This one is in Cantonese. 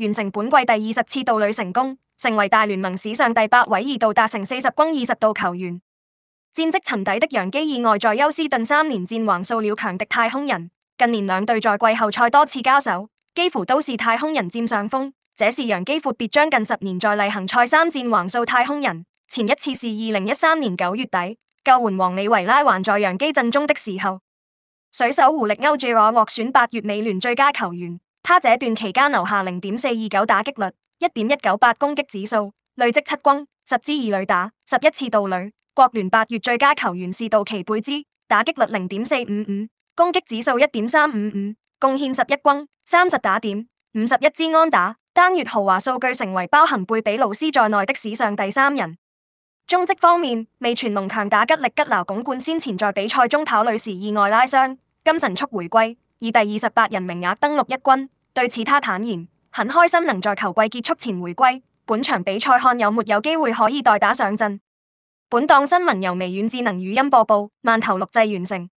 完成本季第二十次盜壘成功，成為大聯盟史上第八位二度達成四十轟二十盜球員。戰績沉底的楊基意外在休斯頓三連戰橫掃了強敵太空人，近年兩隊在季後賽多次交手，幾乎都是太空人佔上風。這是楊基闊別將近十年在例行賽三戰橫掃太空人，前一次是二零一三年九月底，救援王李維拉還在楊基陣中的時候。水手胡力歐治我獲選八月美聯最佳球員。他這段期間留下零點四二九打擊率，一點一九八攻擊指數，累積七轟，十支二壘打，十一次盜壘。國聯八月最佳球員是道奇貝茲，打擊率零點四五五，攻擊指數一點三五五，貢獻十一轟，三十打點，五十一支安打，單月豪華數據成為包含貝比魯斯在內的史上第三人。中職方面，味全龍強打吉力吉勞鞏冠先前在比賽中跑壘時意外拉傷，今神速回歸，以第二十八人名額登錄一軍。對此，他坦言很開心能在球季結束前回歸。本場比賽看有沒有機會可以代打上陣。本檔新聞由微軟智能語音播報，慢頭錄製完成。